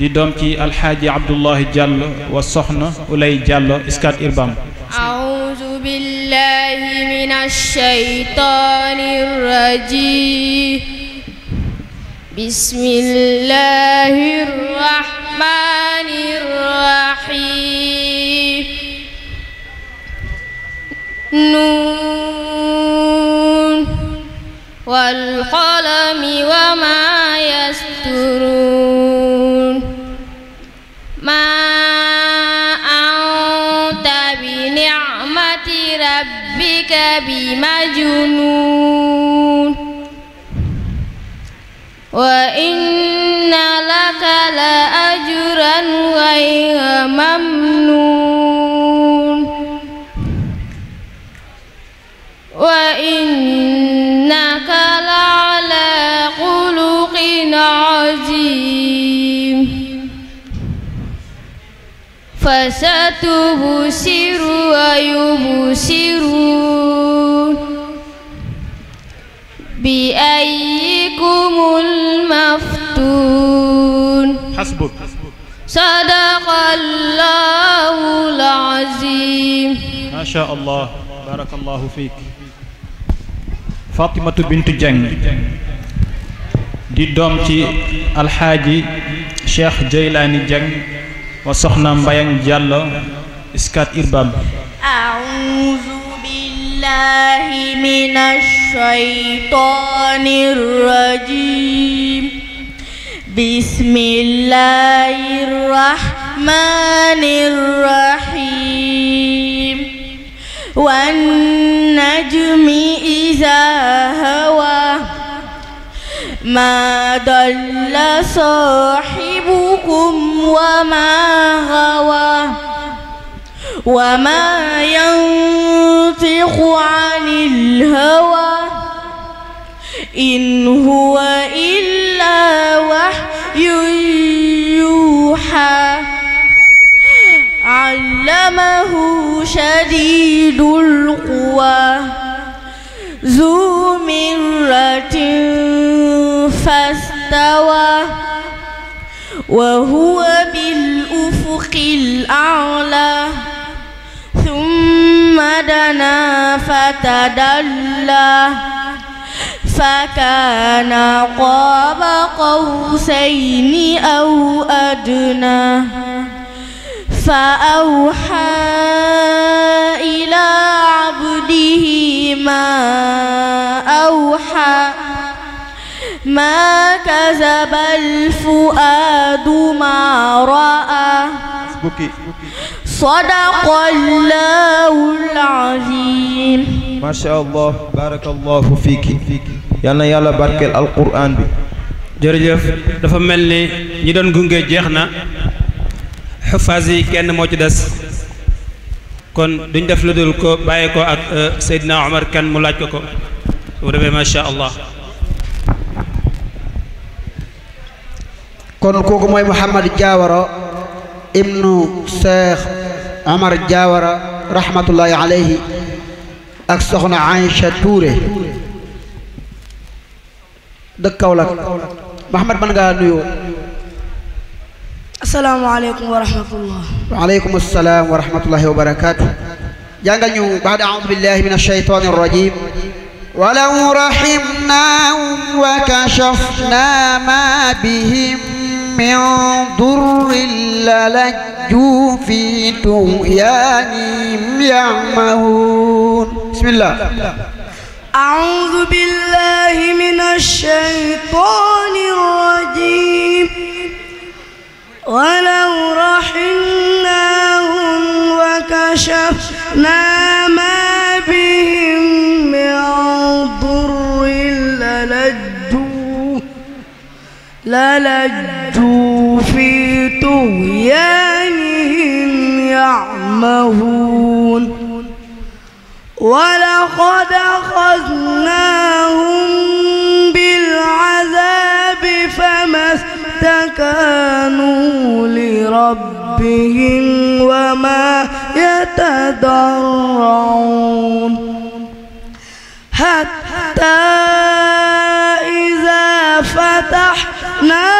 di doom ci alxaaji Abdullahi Diallo wa soxna Ulay Diallo Scat Urbam
أعوذ بالله من الشيطان الرجيم بسم الله الرحمن الرحيم nuun wal qalami wa ma yasturuun ma anta bi ni'mati rabbika bi majnuun wa inna laka la ajran ghayra mamnuun وإنك لعلى خلق عظيم فستبصر ويبصرون بأيكم المفتون حسبك صدق الله العظيم
ما شاء الله بارك الله فيك fatimatu bintu jeng di doom ci alxaaji cheikh jeylaani jeng wa soxna mbayang jàllo iskat irbab
أعوذ بالله من الشيطان الرجيم بسم الله الرحمن الرحيم والنجم إذا هوى ما ضل صاحبكم وما غوى وما ينطق عن الهوى إن هو إلا وحي يوحى علمه شديد القوى ذو مرة فاستوى وهو بالأفق الأعلى ثم دنا فتدلى فكان قاب قوسين أو أدنى فأوحى إلى عبده ما أوحى ما كذب الفؤاد ما رأى صدق الله العظيم
ما شاء الله بارك الله فيك yal na yàlla barkeel alquraan bi
jërëjëf dafa mel ni ñi doon gunge jeex na xufaas yi kenn moo ci des kon duñ def lu dul ko bàyyi ko ak euh, Seydina Omar kan mu laaj ko demee macha allah.
kooku mooy Mouhamed Diawara ibnu Cheikh Omar Diawara rahmatullahi ak soxna Aïcha Touré dëkk Kaolack Mouhamed mën ngaa nuyoo.
asalaamaaleykum wa rahmatullah
waaleykum asalaam wa rahmatullahi wa barakaatu jàngal ñu baada audu billahi min alsheytan arrajim walaw rahimnaahum wa kashafna ma bihim min durrin lalajju fi tuyaanihim yamahuun bismillah
audu billahi min alsheytan arrajim ولو رحمناهم وكشفنا ما بهم من ضر للجوا للجوا في طغيانهم يعمهون ولقد أخذناهم بالعذاب كانوا لربهم وما يتضرعون حتى إذا فتحنا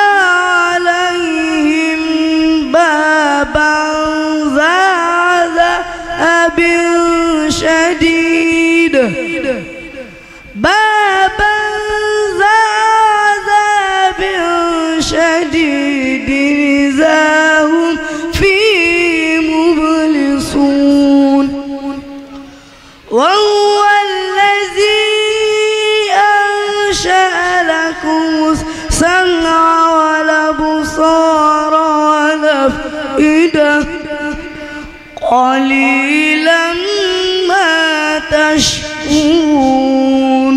صار نفئدة
قليلا
ما تشكون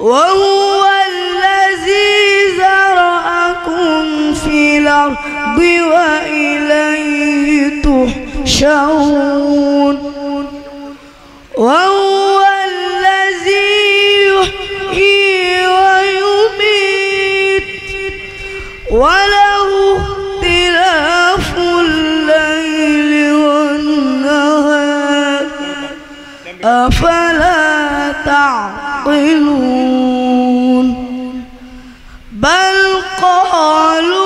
وهو الذي زرأكم في الأرض وإليه تحشرون وهو الذي يحيي وله اختلاف الليل والنهار أفلا تعقلون بل قالوا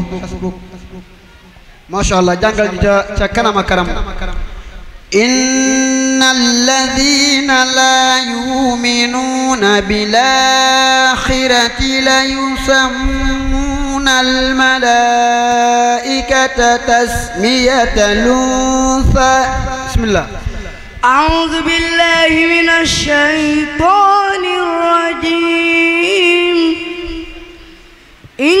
facebook macha allah jàngal ñu ca ca kanam a kanam إن الذين لا يؤمنون بالآخرة ليسمون الملائكة تسمية الأنثى بسم الله أعوذ بالله من الشيطان
الرجيم إن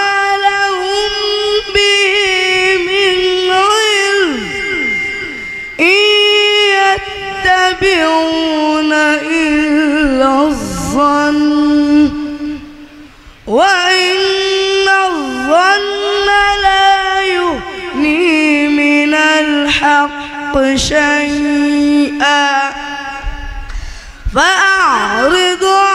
يتبعون إلا الظن وإن الظن لا يغني من الحق شيئا فأعرض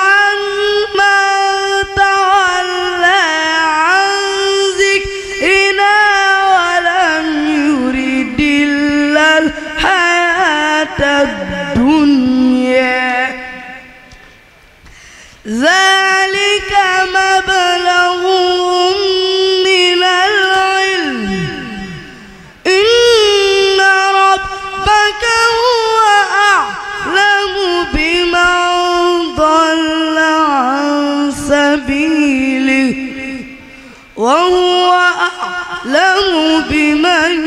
وهو أعلم بمن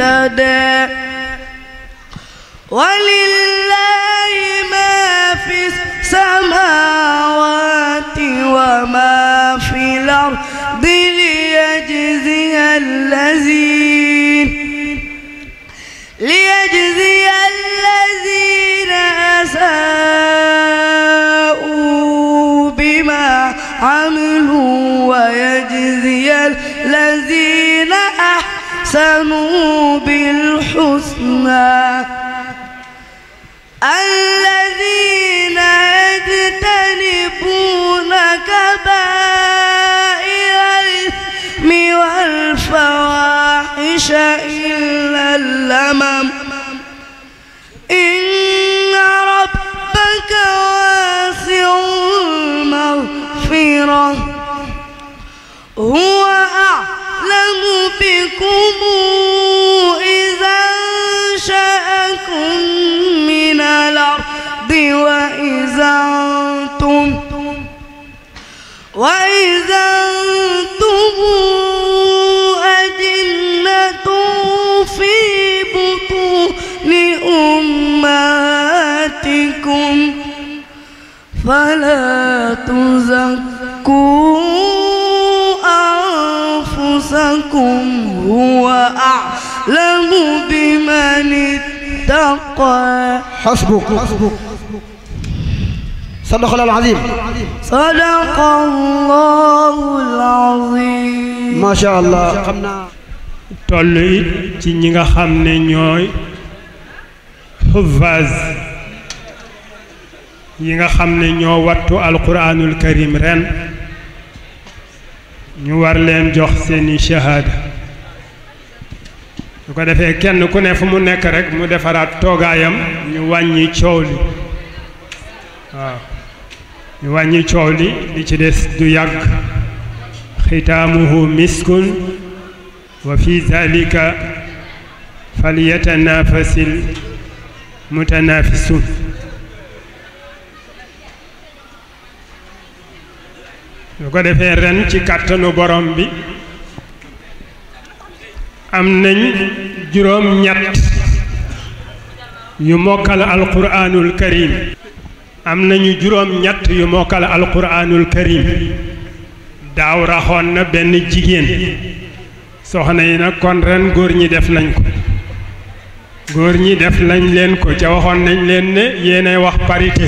اهتدى ولله ما في السماوات للذين أحسنوا بالحسنى الذين يجتنبون كبائر الإثم والفواحش إلا اللمم إن ربك واسع المغفرة هو أعلم بكم إذا أنشأكم من الأرض وإذا أنتم وإذا أنتم أجنة في بطون أمهاتكم فلا تزكون هو أعلم بمن اتقى حسبك
tollu it ci ñi nga xam ne ñooy xufaas yi nga xam ne ñoo wattu alquraanul karim ren ñu war leen jox seeni shahaada su ko defee kenn ku ne fu mu nekk rek mu defaraat toogaayam ñu wàññi coow li waaw ñu wàññi coow li li ci des du yàgg xitaamuhu miskun wa fi zalika falyatanafasil mutanafisun su ko defee ren ci kàttanu borom bi am nañ juróom ñett yu mokkal alquraanul karim am nañu juróom ñett yu mokkal alquraanul karim daaw raxoon na benn jigéen soxna yi nag kon ren góor ñi def nañ ko góor ñi def nañ leen ko ca waxoon nañ leen ne yéenay wax parité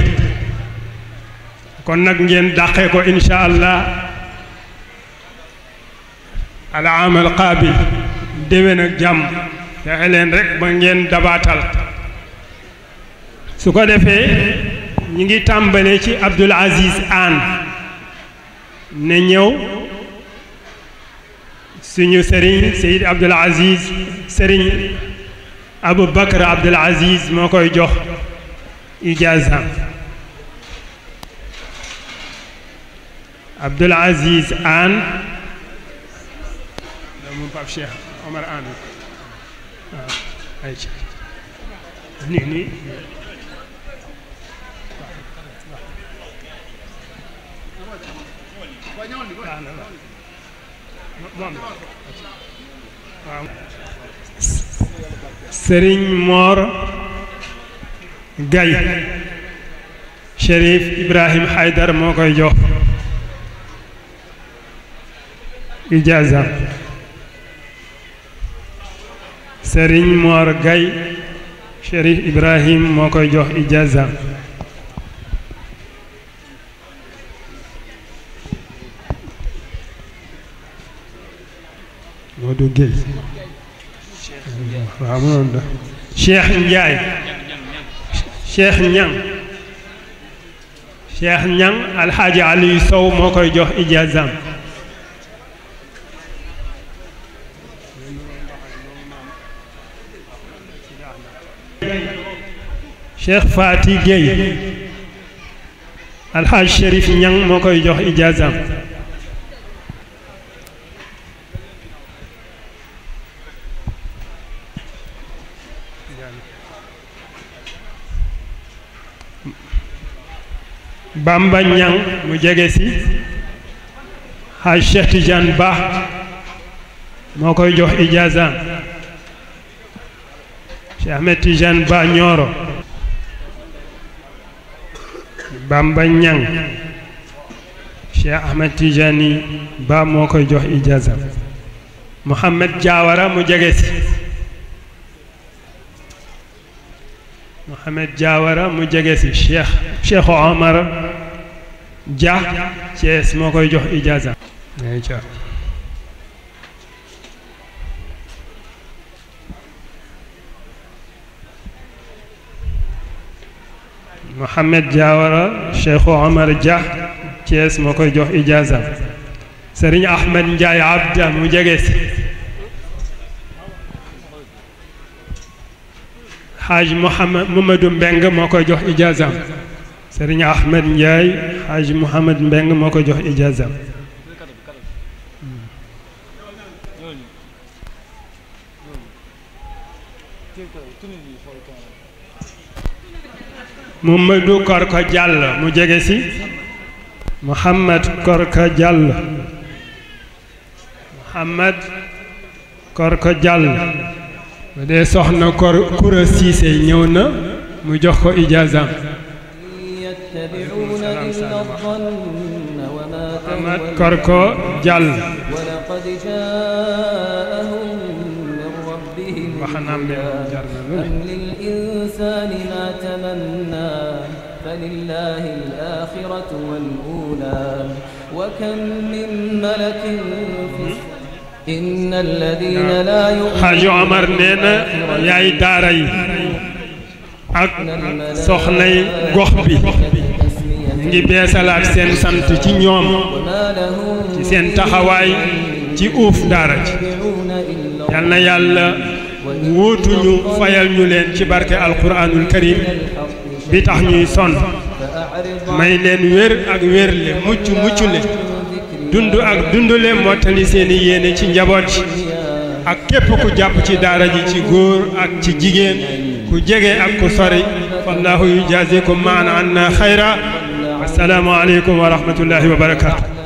kon nag ngeen dàqe ko incha allah al al qaabil déwén ak jàmm fexe leen rek ba ngeen dabaatal su ko defee ñi ngi tàmbale ci Abdoul Aziz Anne ne ñëw suñu sëriñ Seyid Abdoul Aziz sëriñ Abou Bakr Abdoul Aziz moo koy jox ijaza Abdoul Aziz Anne doomu Pape Omar Anne Moor Gay Chérif Ibrahim Haydar moo koy jox ijaaza Serigne Mor gay Cherif Ibrahim moo koy jox ijaza Modou Gueye waaw mënoon da Cheikh Alxaaji Aliou Sow moo koy jox ijazaam cheikh faati Gueye alxaaj Chérif Ñang moo koy jox ijaazam Bamba Ñang mu jege ci xaaj Cheikh Tidiane moo koy jox ijaazam Cheikh Ahmed Tidiane Ñooro Bamba Ñang Cheikh Ahmed Tijani Ba moo koy jox ijaza Mohamed Diawara mu jege si Mohamed Diawara mu jege si Cheikh Cheikh Omar Dia Thiès moo koy jox ijaza Mohamed Diawara Cheikh Omar Dia Thiès moo koy jox ijaaza Serigne Ahmed Ndiaye Abda mu jege si Haji Mohamed Mamadou Mbeng moo koy jox ijaaza Serigne Ahmed Ndiaye Haji Mohamed Mbeng moo koy jox ijaaza Muhammadu Korka Diallo mu jege ci mu Korka Diallo Muhammad Korka Diallo dee soxna kor kura siise ñëw na mu jox ko ijaazam
Muhammad Korka Diallo waxanaam bi jar na lu لله الآخرة والأولى وكم من ملك في ak soxnay
gox bi ñu ngi beesalaat seen sant ci ñoom ci seen taxawaay ci uuf daara ji yal yàlla wóotuñu fayal ñu leen ci barke alquranul karim bi tax ñuy sonn may leen wér ak wérle mucc muccule dund ak dundule mottali seeni yéene ci njaboot yi ak képp ku jàpp ci daara ji ci góor ak ci jigéen ku jege ak ku sori wallahu yujazikum maan anna xayra assalaamu aleykum wa rahmatullahi wa barakaatu